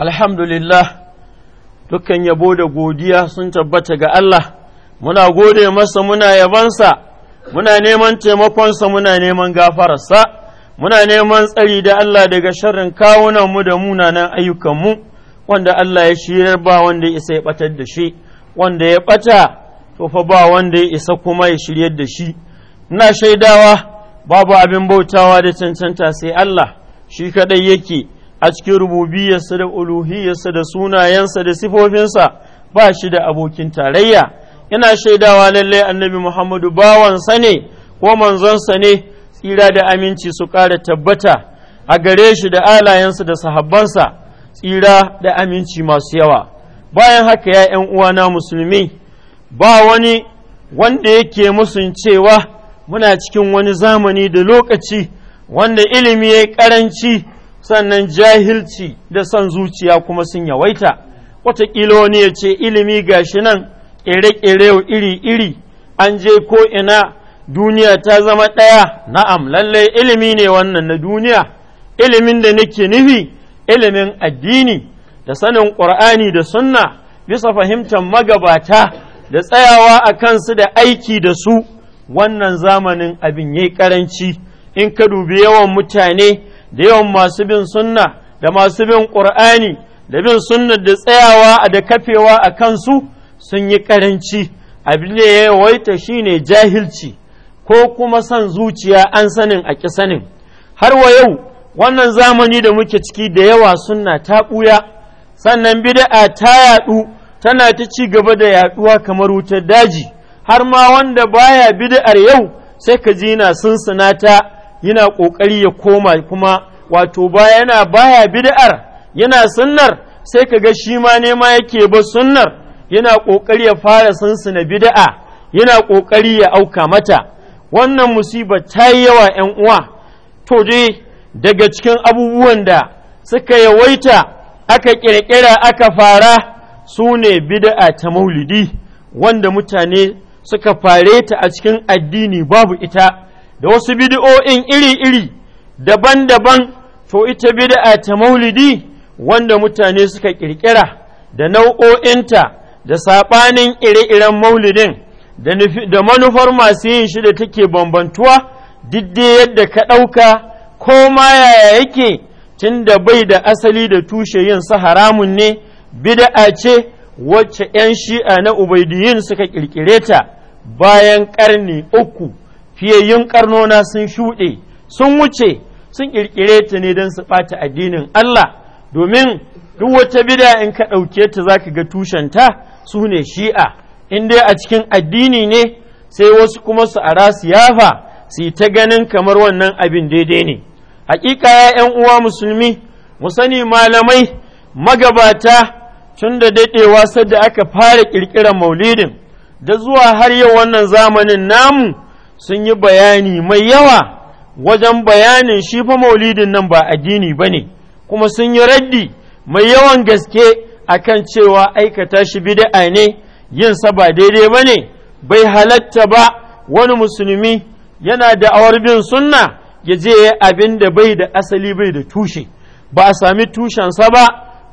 alhamdulillah dukkan yabo da godiya sun tabbata ga Allah muna gode masa muna yabansa muna neman taimakonsa muna neman gafararsa muna neman tsari da Allah daga sharrin kawunanmu da munanan ayyukanmu wanda Allah ya shirar ba wanda ya isa ya batar da shi wanda ya bata to fa ba wanda ya isa kuma ya shiryar da shi ina shaidawa babu abin bautawa da cancanta sai Allah shi kadai yake a cikin rububiyarsa da uluhiyarsa da sunayensa da sifofinsa ba shi da abokin tarayya ina shaidawa lallai annabi muhammadu bawansa ne ko manzonsa ne tsira da aminci su ƙara tabbata a gare shi da alayensa da sahabbansa tsira da aminci masu yawa bayan haka ya ‘yan uwana musulmi ba wani wanda yake musun cewa muna cikin wani zamani da lokaci wanda ilimi ya yi ƙaranci sannan jahilci da son zuciya kuma sun yawaita watakila wani ya ce ilimi gashi nan ƙere-ƙere iri-iri an je ko ina duniya ta zama ɗaya na'am lallai ilimi ne wannan na duniya ilimin da nake nufi ilimin addini da sanin ƙur'ani da sunna bisa fahimtar magabata da tsayawa a kansu da aiki da su wannan zamanin abin ya yi ƙaranci in ka dubi yawan mutane da yawan masu bin sunna da masu bin ƙur'ani da bin sunna da tsayawa da kafewa a kansu sun yi ƙaranci abin da ya shi ne jahilci ko kuma son zuciya an sanin a ƙisanin. har wa yau wannan zamani da muke ciki da yawa sunna ta ɓuya sannan bid'a ta yaɗu tana ta ci gaba da yaɗuwa kamar wutar daji har ma wanda baya bid'ar yau sai ka ji na sunsunata yana ƙoƙari ya koma kuma wato baya yana baya bid'ar yana sunnar sai ka ga shi ma nema yake ba sunnar yana ƙoƙari ya fara na bid'a yana ƙoƙari ya auka mata wannan musiba ta yi yawa ‘yan uwa to dai daga cikin abubuwan da suka yawaita aka ƙirƙira aka fara su ne bid'a ta maulidi wanda mutane suka fare ta a cikin addini babu ita da wasu bid'o'in iri-iri daban-daban to ita bid'a ta maulidi wanda mutane suka ƙirƙira da nau'o'inta da saɓanin ire-iren maulidin da manufar masu yin shi da take bambantuwa didde yadda ka ɗauka ko ma yaya yake tun da bai da asali da tushe yin su haramun ne bida'a ce wacce 'yan shi'a na ubaidiyin suka ƙirƙire bayan ƙarni uku fiyayyun karnona sun shuɗe sun wuce sun ƙirƙire ta ne don su ɓata addinin Allah domin duk wata bida in ka ɗauke ta za ka ga tushenta su ne shi'a in dai a cikin addini ne sai wasu kuma su ara su yafa su yi ta ganin kamar wannan abin daidai ne hakika ya 'yan uwa musulmi mu sani malamai magabata tun da daɗewa sadda aka fara ƙirƙirar maulidin da zuwa har yau wannan zamanin namu sun yi bayani mai yawa wajen bayanin shi fa maulidin nan ba addini ba ne kuma sun yi raddi mai yawan gaske a kan cewa aikata shi bida'a ne yin sa ba daidai ba ne bai halatta ba wani musulmi yana da awar bin sunna ya je abin da bai da asali bai da tushe ba a sami tushensa ba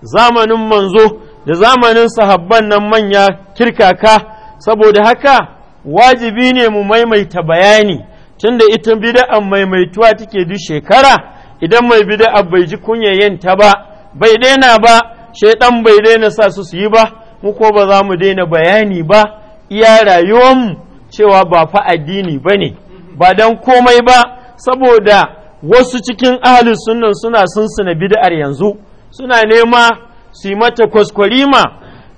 zamanin manzo da zamanin sahabban nan manya kirkaka saboda haka wajibi ne mu maimaita bayani tunda ita bid'a maimaituwa take duk shekara idan mai bid'a bai ji kunya ta ba bai daina ba shaidan bai daina sa su yi ba mu ko ba za mu daina bayani ba iya rayuwarmu cewa ba fa addini bane ba dan komai ba saboda wasu cikin ahli sunan suna sunsuna bida'ar yanzu suna nema su yi mata kwaskwarima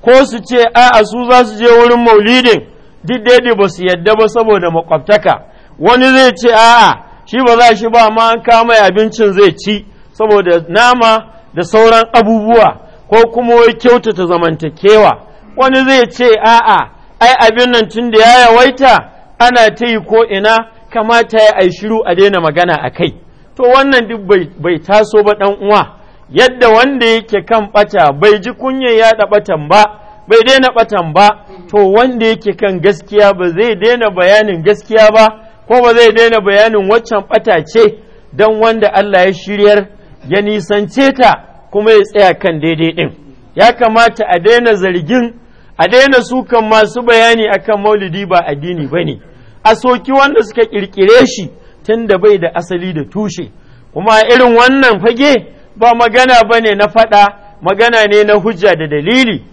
ko su ce a'a su za su je wurin maulidin duk daidai ba su yadda ba saboda makwabtaka wani zai ce a'a shi ba za shi ba ma an kama abincin zai ci saboda nama da sauran abubuwa ko kuma wai kyautata zamantakewa wani zai ce a'a ai abin nan tun da ya yawaita ana ta yi ko ina kamata ya ai shiru a daina magana a kai to wannan duk bai taso ba ɗan uwa yadda wanda yake kan ɓata bai ji kunyar yaɗa ɓatan ba bai daina batan ba to wanda yake kan gaskiya ba zai daina bayanin gaskiya ba ko ba zai daina bayanin waccan bata ce don wanda Allah ya shiryar ya nisance ta kuma ya tsaya kan daidai din ya kamata a daina zargin a daina sukan masu bayani akan maulidi ba addini ba ne a soki wanda suka ƙirƙire shi tun da bai da asali da tushe kuma irin wannan fage ba magana ba ne na faɗa magana ne na hujja da dalili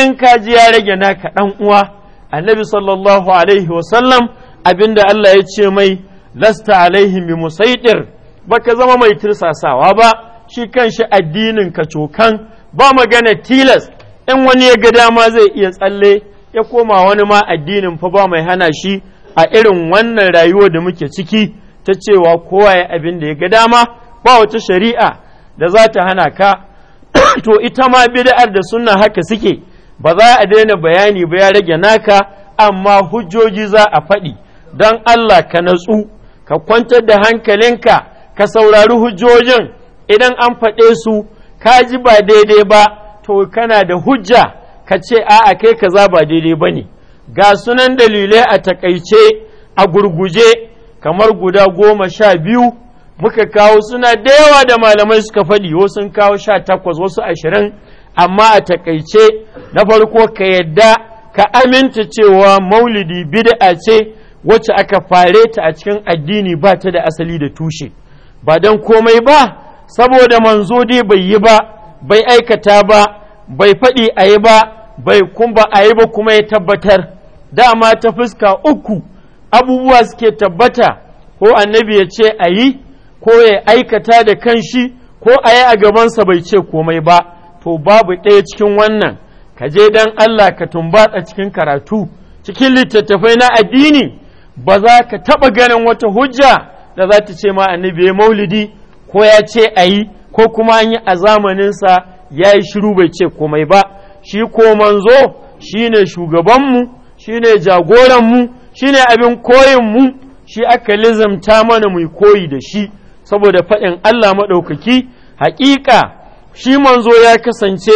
in ka ji ya rage naka ɗan uwa annabi sallallahu alaihi wasallam abinda Allah ya ce mai lasta alaihi bi musaitir baka zama mai tirsasawa ba shi kan shi addinin ka cokan ba magana tilas in wani ya ga dama zai iya tsalle ya koma wani ma addinin fa ba mai hana shi a irin wannan rayuwar da muke ciki ta cewa kowa ya abin da ya ga dama ba wata shari'a da za ta hana ka to ita ma bid'ar da sunna haka suke ba za a daina bayani ba ya rage naka amma hujjoji za a faɗi don Allah ka natsu ka kwantar da hankalinka ka saurari hujjojin idan an faɗe su ka ji ba daidai ba to kana da hujja ka ce a'a kai kaza ba daidai ba ne ga sunan dalilai a takaice a gurguje kamar guda goma sha biyu muka kawo suna da yawa da malamai suka faɗi wasu sun kawo sha takwas wasu ashirin amma a takaice na farko ka yadda ka aminta cewa maulidi bid'a ce wacce aka fare ta a cikin addini ba ta da asali da tushe ba don komai ba saboda manzo dai bai yi ba bai aikata ba bai faɗi a yi ba bai kumba a yi ba kuma ya tabbatar dama ta fuska uku abubuwa suke tabbata ko annabi ya ce a yi ko ya aikata da kanshi ko a yi a gabansa bai ce komai ba to babu ɗaya cikin wannan ka je dan Allah ka tumbatsa cikin karatu cikin littattafai na addini ba za ka taɓa ganin wata hujja da za ta ce ma annabi ya maulidi ko ya ce a yi ko kuma an yi a zamaninsa ya yi shiru bai ce komai ba shi ko manzo shi ne shugabanmu shi ne jagoranmu shi ne abin koyinmu shi aka lizamta mana mai koyi da shi saboda faɗin Allah maɗaukaki haƙiƙa shi manzo ya kasance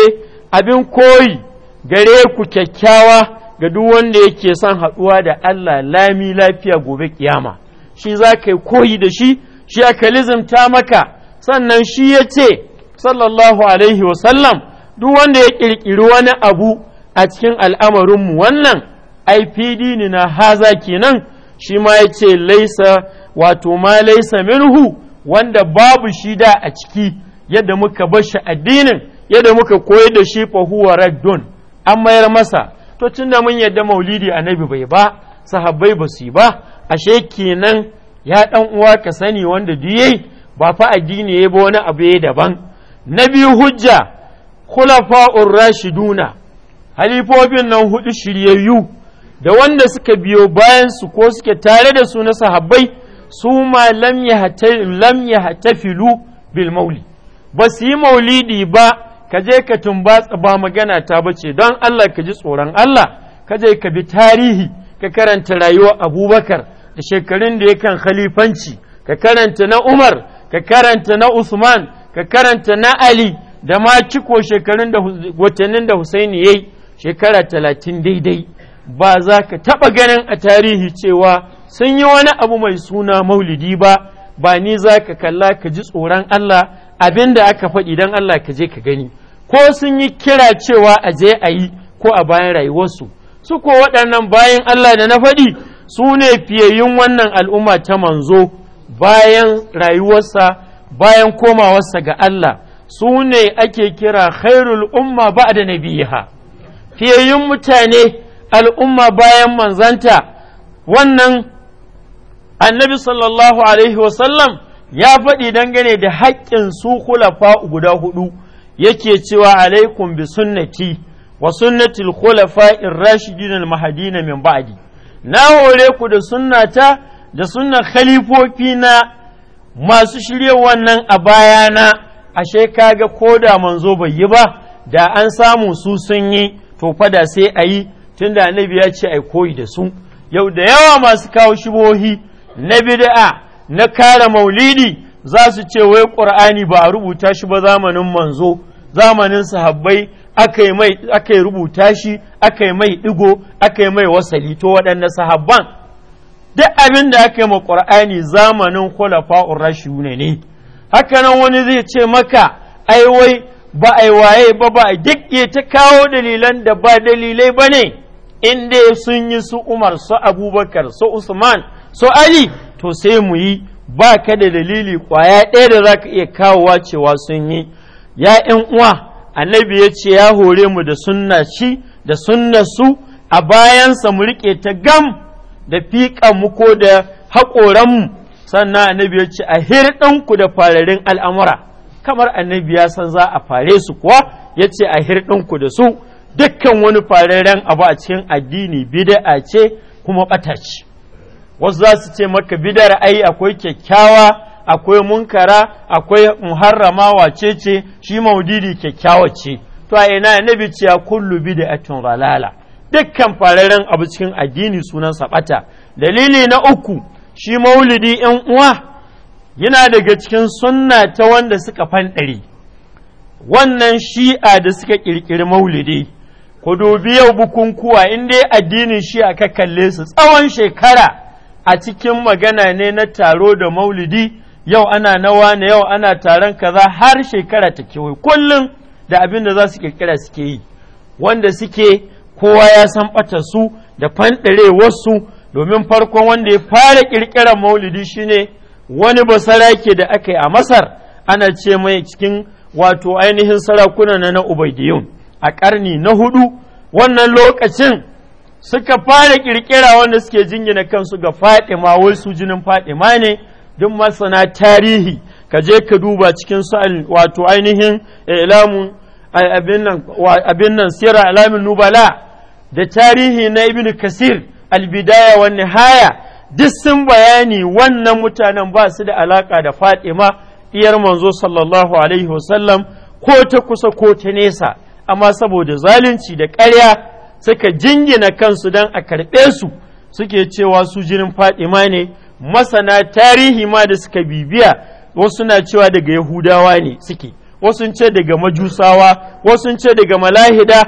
abin koyi gare ku kyakkyawa ga duk wanda yake son haɗuwa da Allah lami lafiya gobe kiyama shi za ka yi koyi da shi shi aka lizimta maka sannan shi ya ce sallallahu alaihi wasallam duk wanda ya ƙirƙiri wani abu a cikin al'amarinmu wannan IPD ne na haza kenan shi ma ya ce laisa wato ma laisa minhu wanda babu shi da a ciki yadda muka bar shi addinin yadda muka koyar da shi fa huwa raddun an mayar masa to tunda mun yadda maulidi annabi bai ba sahabbai ba su ba ashe kenan ya dan uwa ka sani wanda duk ba fa addini yayi ba wani abu yayi daban na biyu hujja khulafa'ur rashiduna halifofin nan hudu shiryayyu da wanda suka biyo bayan su ko suke tare da su na sahabbai su ma lam ya hatafilu bil ba su yi maulidi ba ka je ka tumbatsa ba magana ta bace don Allah ka ji tsoron Allah ka je ka bi tarihi ka karanta rayuwar abubakar da shekarun da ya kan khalifanci ka karanta na umar ka karanta na usman ka karanta na ali da ma ciko shekarun da watannin da husaini ya yi shekara talatin daidai ba za ka taɓa ganin a tarihi cewa sun yi wani abu mai suna maulidi ba ba ni za ka kalla ka ji tsoron Allah abin da aka faɗi don Allah ka je ka gani ko sun yi kira cewa a je a yi ko a bayan rayuwarsu su ko waɗannan bayan Allah da na faɗi su ne fiyayyun wannan al'umma ta manzo bayan rayuwarsa bayan komawarsa ga Allah su ne ake kira khairul umma ba da nabiha fiyayyun mutane al'umma bayan manzanta wannan annabi sallallahu alaihi wasallam ya faɗi dangane da haƙƙin su khulafa guda hudu yake cewa alaikum bi sunnati wa sunnati al-khulafa ar-rashidin al-mahdin min ba'di na hore ku da sunnata da sunnan khalifofi na masu shirye wannan a bayana ashe kaga ko da manzo bai yi ba da an samu su sun yi to fada sai ayi. yi tunda annabi ya ce ai koyi da su yau da yawa masu kawo shibohi na bid'a na kare maulidi za su ce wai ƙur'ani ba a rubuta shi ba zamanin manzo zamanin sahabbai aka yi rubuta shi aka yi mai ɗigo aka yi mai wasali to waɗanne sahabban duk abin da aka yi ma ƙur'ani zamanin khulafa'ur rashidun ne hakanan wani zai ce maka ai wai ba ai waye ba ba duk ta kawo dalilan da ba dalilai ba ne in sun yi su Umar su Abubakar su Usman su Ali to sai mu yi ba ka da dalili kwaya ɗaya da za ka iya kawowa cewa sun yi ya ‘yan uwa annabi ya ce ya hore mu da sunna shi da sunna su a bayansa mu riƙe ta gam da fiƙa mu ko da haƙoran mu sannan annabi ya ce a hirɗinku da fararin al'amura kamar annabi ya san za a fare su kuwa ya ce a hirɗinku da su dukkan wani fararen abu a cikin addini bida'a ce kuma ɓata ce wasu za su ce maka bidar ai akwai kyakkyawa akwai munkara akwai muharrama wace ce shi maudidi kyakkyawa ce to a ina annabi ce kullu bid'atun dalala dukkan fararen abu cikin addini sunan sabata dalili na uku shi maulidi yan uwa yana daga cikin sunna ta wanda suka fanɗare wannan shi'a da suka ƙirƙiri maulidi ku dubi yau bukunkuwa in dai addinin shi'a ka kalle su tsawon shekara a cikin magana ne na taro da maulidi yau ana nawa na yau ana taron kaza har shekara ta kewaye kullum da abin da za su kirkira suke yi wanda suke kowa ya san ɓata su da fanɗare wasu domin farkon wanda ya fara ƙirƙirar maulidi shine wani basarake da aka yi a masar ana ce mai cikin wato ainihin sarakuna na na ubaidiyun a ƙarni na hudu wannan lokacin suka fara ƙirƙira wanda suke jingina kansu ga Fatima wai su jinin Fatima ne duk masana tarihi ka je ka duba cikin sa'al wato ainihin ilamun eh, abin nan sira alamin nubala da tarihi na ibn kasir albidaya wa nihaya duk sun bayani wannan mutanen ba su da alaka da fatima iyar manzo sallallahu alaihi wasallam ko ta kusa ko ta nesa amma saboda zalunci da ƙarya suka jingina kansu don a karɓe su suke cewa su jinin Fadima ne masana tarihi ma da suka bibiya wasu na cewa daga Yahudawa ne suke wasu ce daga Majusawa wasu ce daga Malahida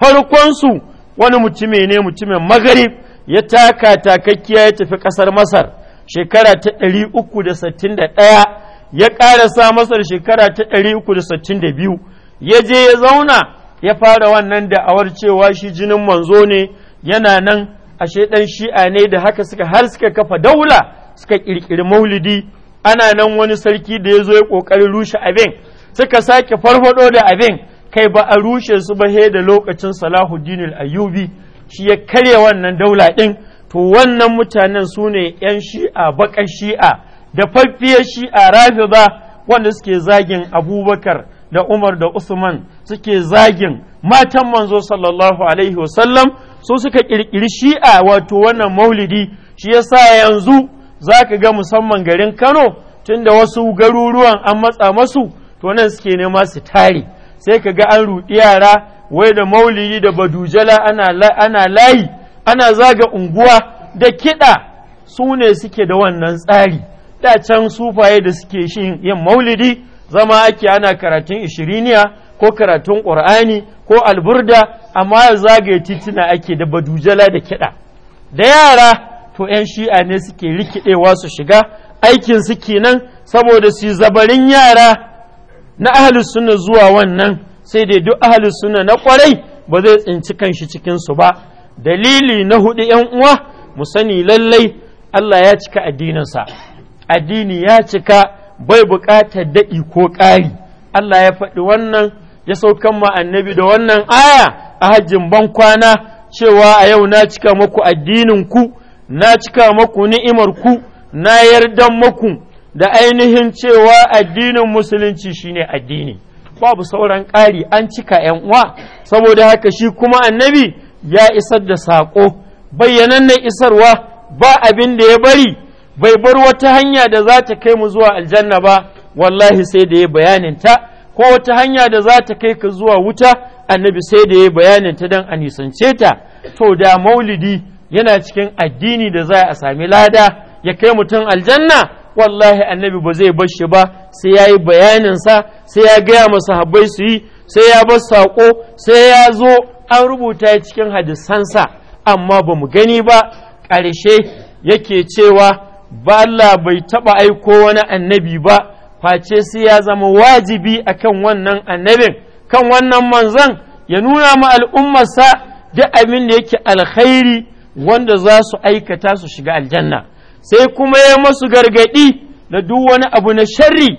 farkonsu wani mutumi ne mutumin Magarib ya taka takakkiya ya tafi ƙasar Masar shekara ta 361 ya ƙarasa Masar shekara ta 362 ya je ya zauna ya fara wannan da'awar cewa shi jinin manzo ne yana nan ashe ɗan shi'a ne da haka suka har suka kafa daula suka kirkiri maulidi ana nan wani sarki da ya zo ya ƙoƙarin rushe abin suka sake farfado da abin kai ba a rushe su ba da lokacin salahuddin ayyubi shi ya karya wannan daula ɗin to wannan mutanen su ne 'yan shi'a baƙar shi'a da faffiyar shi'a rafiba wanda suke zagin abubakar da Umar da Usman suke zagin matan manzo sallallahu alaihi wasallam so suka kirkiri shi'a wato wannan maulidi shi yasa yanzu za ka ga musamman garin Kano tunda wasu garuruwan an matsa masu to nan suke nema su tare sai ka ga an ruɗi yara wai da maulidi da badujala ana layi ana zaga unguwa da kiɗa su ne suke da wannan tsari da can sufaye da suke yin maulidi zama ake ana karatun ishiriniya ko karatun ƙur'ani ko alburda amma ya zagaye tituna ake da badujala da kiɗa da yara to 'yan shi'a ne suke rikidewa su shiga aikin su kenan saboda su zabarin yara na ahalus sunna zuwa wannan sai dai duk ahalus sunna na kwarai ba zai tsinci kanshi cikin su ba dalili na hudu 'yan uwa mu sani lallai Allah ya cika addininsa addini ya cika bai buƙatar daɗi ko ƙari Allah ya faɗi wannan ya saukan ma annabi da wannan aya a hajjin ban kwana cewa a yau na cika maku addininku na cika maku ni'imar ku na yardan maku da ainihin cewa addinin musulunci shine addini babu sauran ƙari an cika ‘yan uwa saboda haka shi kuma annabi ya isar da saƙo bayyanannen isarwa ba abin da ya bari bai bar wata hanya da za ta kai mu zuwa aljanna ba wallahi sai da ya bayanin ta ko wata hanya da za ta kai ka zuwa wuta annabi sai da ya bayanin ta don a nisance ta to da maulidi yana cikin addini da za a sami lada ya kai mutum aljanna wallahi annabi ba zai bar shi ba sai ya yi bayaninsa sai ya gaya masa habbai su yi sai ya bar saƙo sai ya zo an rubuta cikin hadisansa amma ba mu gani ba ƙarshe yake cewa ba Allah bai taɓa aiko wani annabi ba face sai ya zama wajibi akan wannan annabin kan wannan manzan ya nuna ma al'ummarsa duk abin da yake alkhairi wanda za su aikata su shiga aljanna sai kuma ya masu gargaɗi da duk wani abu na sharri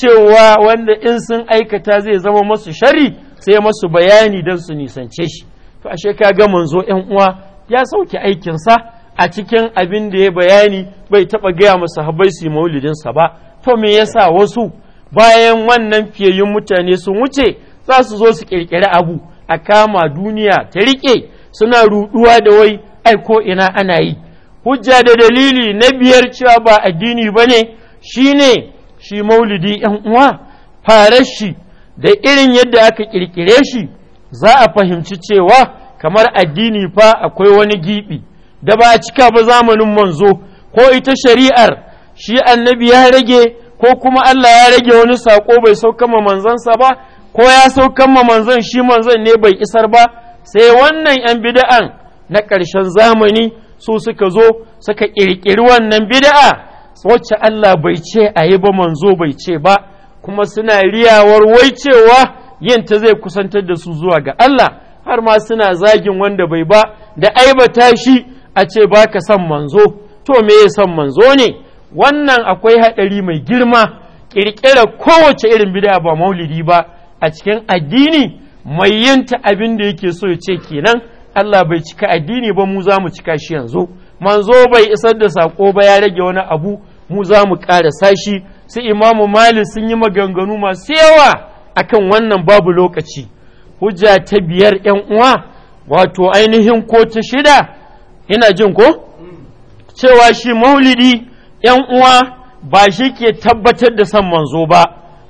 cewa wanda in sun aikata zai zama masu sharri sai masu bayani don su nisance shi to ashe ka ga manzo uwa ya sauke aikinsa a cikin abin da ya bayani bai taɓa gaya masa habai su maulidinsa ba to me yasa wasu bayan wannan fiyayyun mutane sun wuce za su zo su ƙirƙiri abu a kama duniya ta riƙe suna ruɗuwa da wai ai ko ina ana yi hujja da dalili na biyar cewa ba addini ba ne shi ne shi maulidi ‘yan uwa farar shi da irin yadda aka ƙirƙire shi za a fahimci cewa kamar addini fa akwai wani giɓi. da ba a cika ba zamanin manzo ko ita shari'ar shi annabi ya rage ko kuma Allah ya rage wani sako bai saukan ma manzansa ba ko ya saukan ma manzon shi manzon ne bai isar ba sai wannan 'yan bida'an na ƙarshen zamani su suka zo suka ƙirƙiri wannan bida'a wacce Allah bai ce a yi ba manzo bai ce ba kuma suna riyawar wai cewa yin ta zai kusantar da su zuwa ga Allah har ma suna zagin wanda bai ba da aibata shi a ce ba ka son manzo to me ya son manzo ne wannan akwai haɗari mai girma ƙirƙirar kowace irin bid'a ba maulidi ba a cikin addini mai yinta abin da yake so ya ce kenan Allah bai cika addini ba mu za mu cika shi yanzu manzo bai isar da sako ba ya rage wani abu mu za mu ƙarasa shi su imamu malik sun yi maganganu masu yawa akan wannan babu lokaci hujja ta biyar yan uwa wato ainihin ko ta shida ina jin ko cewa shi maulidi ‘yan uwa ba shi ke tabbatar da san manzo ba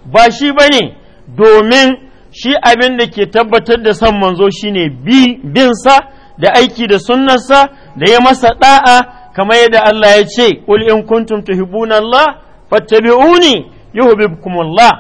ba shi ba ne domin shi abin da ke tabbatar da san manzo shi shine binsa da aiki da sunnarsa da ya masa ɗa'a kamar yadda Allah ya ce qul in kuntum tuhibbuna Allah fattabi'uni kuma Allah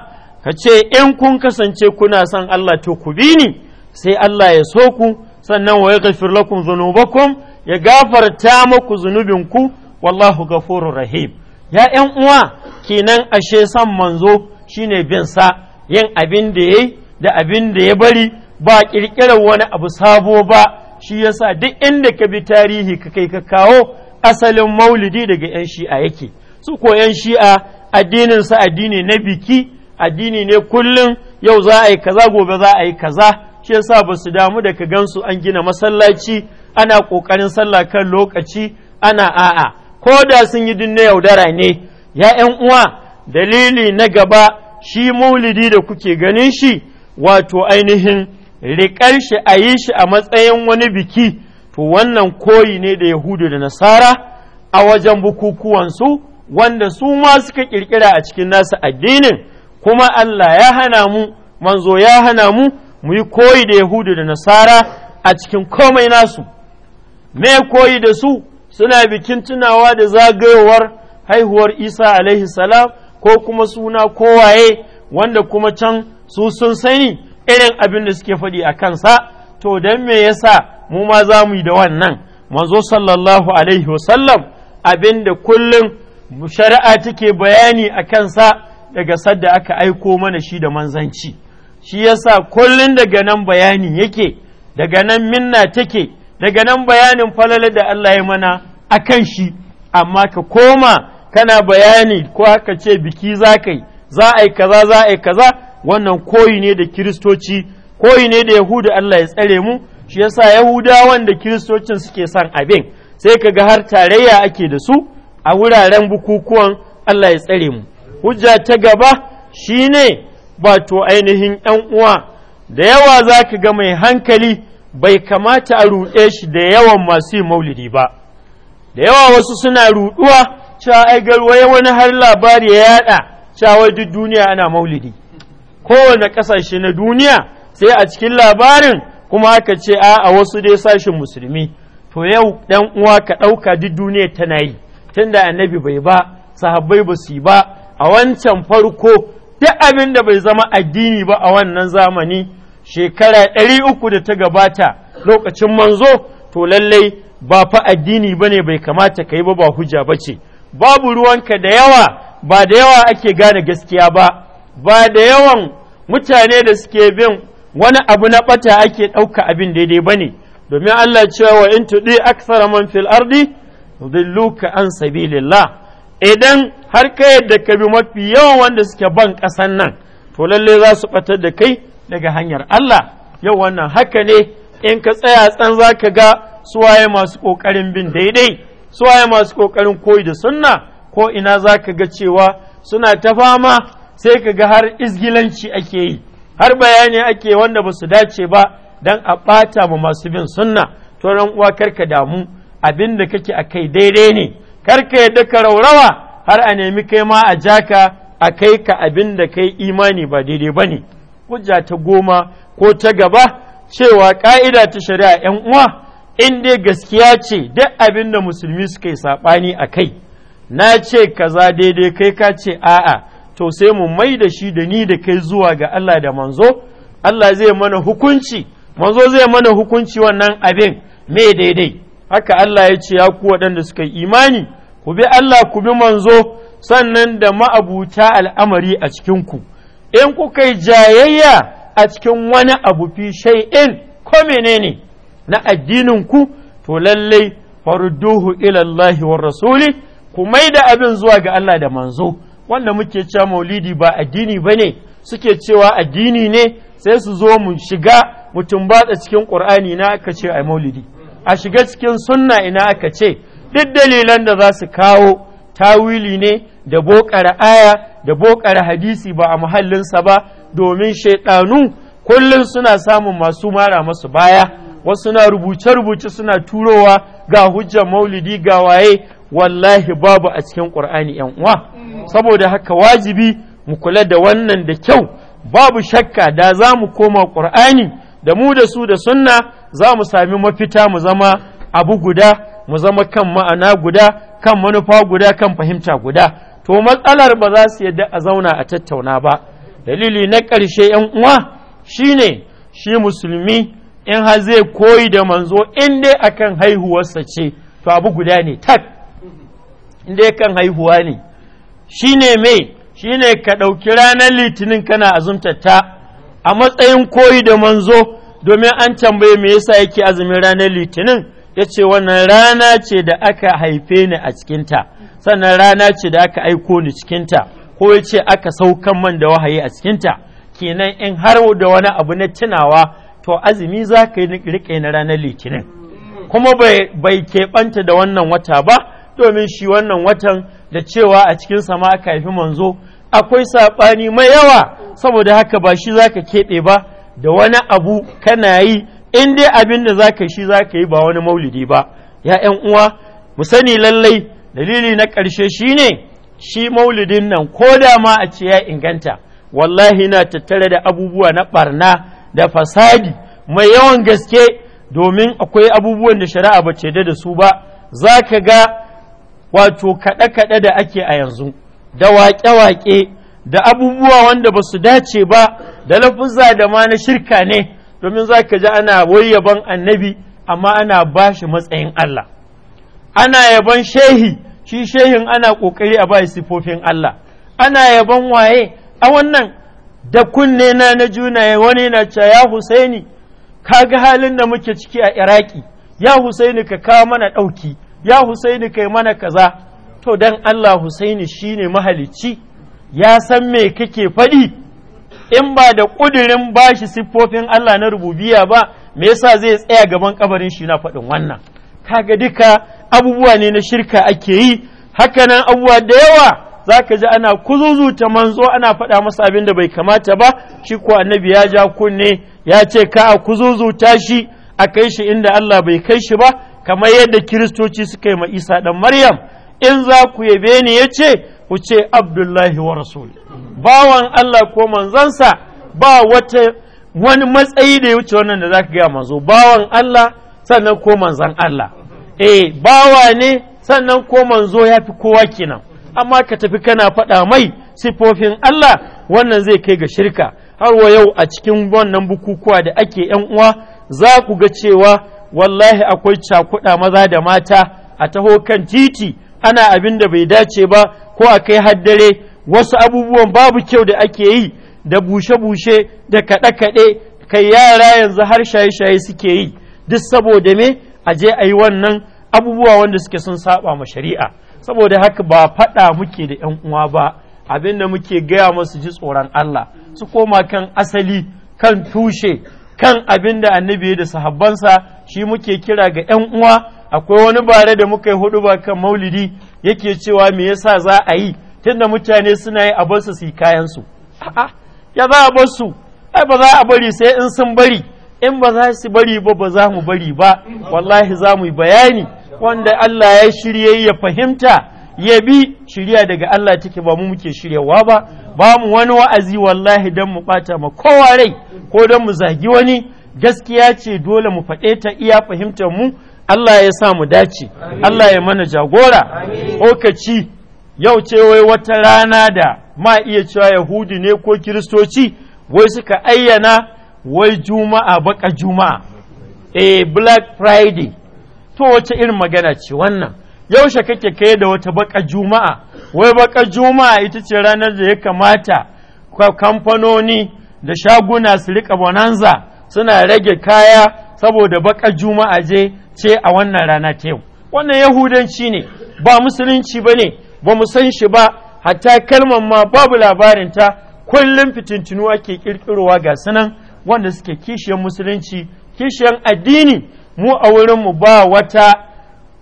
ka ce in kun kasance kuna son Allah to ku bi ni sai Allah ya so ku sannan wa yaghfir lakum dhunubakum ya gafarta muku zunubinku wallahu gafurur rahim ya ’yan uwa kenan ashe san manzo shine bin sa yin abin da yayi da abin da ya bari ba ƙirƙirar wani abu sabo ba shi yasa duk inda ka bi tarihi ka kai ka kawo asalin maulidi daga 'yan shi'a yake su ko 'yan shi'a addinin sa addini na biki addini ne kullum yau za a yi kaza gobe za a yi kaza shi yasa ba su damu da ka gansu an gina masallaci ana ƙoƙarin sallah kan lokaci ana a'a ko da sun yi dinne yaudara ne ya uwa dalili na gaba shi maulidi da kuke ganin shi wato ainihin riƙar shi a yi shi a matsayin wani biki to wannan koyi ne da yahudu da nasara a wajen bukukuwansu wanda su ma suka ƙirƙira a cikin nasu addinin kuma Allah ya hana mu manzo ya hana mu mu yi koyi da yahudu da nasara a cikin komai nasu me koyi da su suna bikin tunawa da zagayowar haihuwar isa alaihi salam ko kuma suna kowaye wanda kuma can su sun sani irin abin da suke faɗi a kansa to don me yasa mu ma za mu yi da wannan manzo sallallahu alaihi wasallam abin da kullum shari'a take bayani a kansa daga sadda aka aiko mana shi da manzanci shi yasa kullum daga nan bayani yake daga nan minna take daga nan bayanin falalar da Allah ya mana a kan shi amma ka koma kana bayani ko haka ce biki za ka yi za a yi kaza za a yi kaza wannan koyi ne da kiristoci koyi ne da yahudu Allah ya tsare mu shi yasa yahudawan da kiristocin suke son abin sai ka ga har tarayya ake da su a wuraren bukukuwan Allah ya tsare mu hujja ta gaba shine wato ainihin 'yan uwa da yawa za ka ga mai hankali bai kamata a ruɗe shi da yawan masu yin maulidi ba da yawa wasu suna ruɗuwa cewa ai garwaye wani har labari ya yada cewa duk duniya ana maulidi kowane ƙasashe na duniya sai a cikin labarin kuma aka ce a a wasu dai sashen musulmi to yau dan uwa ka ɗauka duk duniya tana yi tunda annabi bai ba sahabbai ba su yi ba a wancan farko duk abin da bai zama addini ba a wannan zamani shekara ɗari uku da ta gabata lokacin manzo to lallai ba fa addini ba ne bai kamata ka yi ba ba hujja ba ce babu ruwanka da yawa ba da yawa ake gane gaskiya ba ba da yawan mutane da suke bin wani abu na ɓata ake ɗauka abin daidai ba ne domin Allah cewa wa in tuɗi aksara man fil ardi dhilluka an sabilillah idan har ka yadda ka bi mafi yawan wanda suke ban ƙasan nan to lallai za su ɓatar da kai daga hanyar Allah yau wannan haka ne in ka tsaya tsan za ka ga suwaye masu ƙoƙarin bin daidai suwaye masu ƙoƙarin koyi da sunna ko ina za ka ga cewa suna ta fama sai ka ga har izgilanci ake yi har bayani ake wanda ba su dace ba don a ɓata ma masu bin sunna to ran uwa karka damu abin da kake a kai daidai ne karka yadda ka raurawa har a nemi kai ma a jaka a kai ka abin da kai imani ba daidai ba ne hujja ta goma ko ta gaba cewa ƙa'ida ta shari'a ‘yan uwa in dai gaskiya ce duk abin da musulmi suka yi saɓani a kai na ce kaza daidai kai ka ce a'a to sai mu mai da shi da ni da kai zuwa ga Allah da manzo Allah zai mana hukunci manzo zai mana hukunci wannan abin me daidai haka Allah ya ce ya ku waɗanda suka yi imani ku bi Allah ku bi manzo sannan da ma'abuta al'amari a cikinku in kuka yi jayayya a cikin wani abu fi shay'in ko menene na addinin ku to lallai farduhu ila Allah wa rasuli ku mai da abin zuwa ga Allah da manzo wanda muke cewa maulidi ba addini bane suke cewa addini ne sai su zo mu shiga mutum batsa cikin qur'ani na aka ce ai maulidi a shiga cikin sunna ina aka ce duk dalilan da za su kawo tawili ne da bokara aya da bokar hadisi ba a muhallinsa ba domin shaidanu kullum suna samun masu mara masu baya wasu na rubuce-rubuce suna turowa ga hujjar maulidi ga waye wallahi babu a cikin ƙur'ani yan uwa saboda haka wajibi mu kula da wannan da kyau babu shakka da za mu koma ƙur'ani da mu da su da sunna za mu sami mafita mu zama abu guda mu zama kan ma'ana guda kan manufa guda kan fahimta guda to matsalar ba za su yadda a zauna a tattauna ba dalili na ƙarshe ‘yan uwa shine shi musulmi in har zai koyi da manzo in dai akan haihuwarsa ce to abu guda ne tak in dai kan haihuwa ne shine mai shine ka ɗauki ranar litinin kana azumtata a matsayin koyi da manzo domin an tambaye me yasa yake azumin ranar litinin ya ce wannan rana ce da aka haife ni a cikinta sannan rana ce da aka aiko ni cikinta ko ya ce aka saukan man da wahayi a cikinta kenan in har da wani abu na tunawa to azumi za ka yi riƙe na ranar litinin kuma bai keɓanta da wannan wata ba domin shi wannan watan da cewa a cikin sama aka haifi manzo akwai saɓani mai yawa saboda haka ba shi za ka keɓe ba da wani abu kana yi in dai abin da za ka yi shi za ka yi ba wani maulidi ba ya ‘yan uwa mu sani lallai dalili na ƙarshe shi ne shi maulidin nan ko da ma a ce ya inganta wallahi na tattare da abubuwa na ɓarna da fasadi mai yawan gaske domin akwai abubuwan da shari'a ba ce da su ba za ka ga wato kaɗe-kaɗe da ake a yanzu da waƙe-waƙe da abubuwa wanda ba su dace ba da lafuzza da ma na shirka ne domin za ka ji ana wai yabon annabi amma ana ba shi matsayin Allah ana yaban shehi shi shehin ana ƙoƙari a bai sifofin Allah ana yaban waye a wannan da kunne na na juna ya wani na cewa ya Husaini ka ga halin da muke ciki a Iraki ya Husaini ka kawo mana ɗauki ya Husaini kai mana kaza to dan Allah Husaini shine mahalicci ya san me kake faɗi in ba da ƙudurin bashi siffofin Allah na rububiya ba me yasa zai tsaya gaban kabarin shi na faɗin wannan kaga duka abubuwa ne na shirka ake yi hakanan abubuwa da yawa za ka ji ana kuzuzu ta manzo ana faɗa masa abin da bai kamata ba shi ko annabi ya ja kunne ya ce ka a kuzuzuta shi a kai shi inda Allah bai kai shi ba kamar yadda kiristoci suka yi ma Isa dan Maryam in za ku yabe ni ya ce ku ce abdullahi wa rasul bawan Allah ko manzansa ba wata wani matsayi da ya wuce wannan da zaka gaya manzo bawan Allah sannan ko manzan Allah eh bawa ne sannan ko manzo ya fi kowa kenan amma ka tafi kana faɗa mai sifofin Allah wannan zai kai ga shirka har wa yau a cikin wannan bukukuwa da ake yan uwa za ku ga cewa wallahi akwai cakuɗa maza da mata a taho kan titi ana abin da bai dace ba ko a kai haddare wasu abubuwan babu kyau da ake yi da bushe-bushe da kaɗe-kaɗe kai yara yanzu har shaye-shaye suke yi duk saboda me a je a yi wannan abubuwa wanda suke sun saba ma shari'a saboda haka ba faɗa muke da ‘yan uwa ba abin da muke gaya masu ji tsoron Allah su koma kan asali kan tushe kan abin da annabi da sahabbansa shi muke kira ga ‘yan uwa akwai wani bare da muka yi hudu ba kan maulidi yake cewa me yasa za a yi tunda mutane suna yi a bar su su kayan su a'a ya za a bar su ai ba za a bari sai in sun bari in ba za su bari ba ba za mu bari ba wallahi za mu yi bayani wanda Allah ya shirye ya fahimta ya bi shirya daga Allah take ba mu muke shiryawa ba ba mu wani wa'azi wallahi dan mu bata ma kowa rai ko dan mu zagi wani gaskiya ce dole mu faɗe ta iya fahimtar mu Allah ya sa mu dace Allah ya mana jagora okaci yau ce wai wata rana da ma iya cewa yahudi ne ko kiristoci wai suka ayyana wai juma'a baka juma'a eh black friday to wace irin magana ce wannan yaushe kake kai da wata baka juma'a wai baka juma'a ita ce ranar da ya kamata kamfanoni da shaguna su rika bonanza suna rage kaya saboda baka juma'a je ce a wannan rana ta yau wannan yahudanci ne ba musulunci ba ne ba mu san shi ba hatta kalmar ma babu labarin ta kullum fitintinu ake kirkirowa ga sanan wanda suke kishiyar musulunci kishiyar addini mu a wurin mu ba wata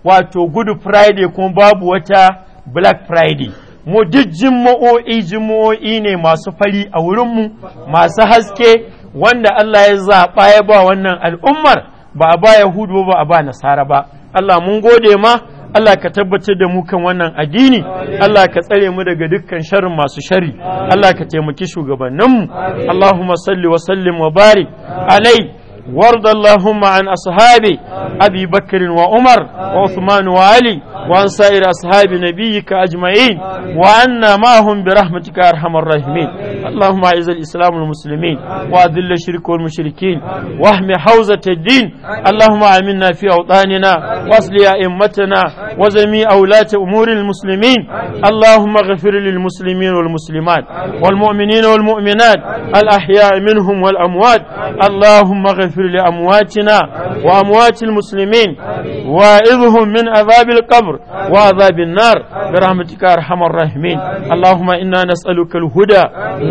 wato good friday kuma babu wata black friday mu duk jimma'o'i jimma'o'i ne masu fari a wurin mu masu haske wanda Allah ya zaɓa ya ba wannan al'ummar ba a ba Yahudu ba a ba Nasara ba. Allah mun gode ma, Allah ka tabbatar da mu kan wannan addini, Allah ka tsare mu daga dukkan sharrin masu shari, Allah ka taimaki shugabanninmu, Allahumma salli wa sallim wa bari. alai وارض اللهم عن أصحاب أبي بكر وعمر وعثمان وعلي وعن سائر أصحاب نبيك أجمعين وعنا معهم برحمتك أرحم الراحمين اللهم أعز الإسلام والمسلمين وأذل الشرك والمشركين واحم حوزة الدين اللهم آمنا في أوطاننا وأصلي أئمتنا وزمي أولاة أمور المسلمين اللهم اغفر للمسلمين والمسلمات والمؤمنين والمؤمنات الأحياء منهم والأموات اللهم اغفر واغفر لأمواتنا وأموات المسلمين وإذهم من عذاب القبر وعذاب النار برحمتك أرحم الراحمين اللهم إنا نسألك الهدى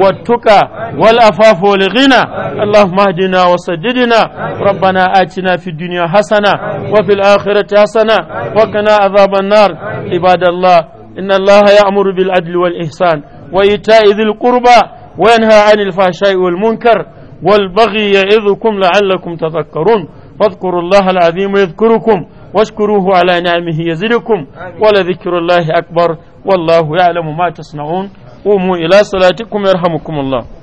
والتقى والعفاف والغنى اللهم اهدنا وسددنا ربنا آتنا في الدنيا حسنة وفي الآخرة حسنة وقنا عذاب النار عباد الله إن الله يأمر بالعدل والإحسان وإيتاء ذي القربى وينهى عن الفحشاء والمنكر والبغي يعظكم لعلكم تذكرون فاذكروا الله العظيم يذكركم واشكروه على نعمه يزدكم ولذكر الله أكبر والله يعلم ما تصنعون قوموا إلى صلاتكم يرحمكم الله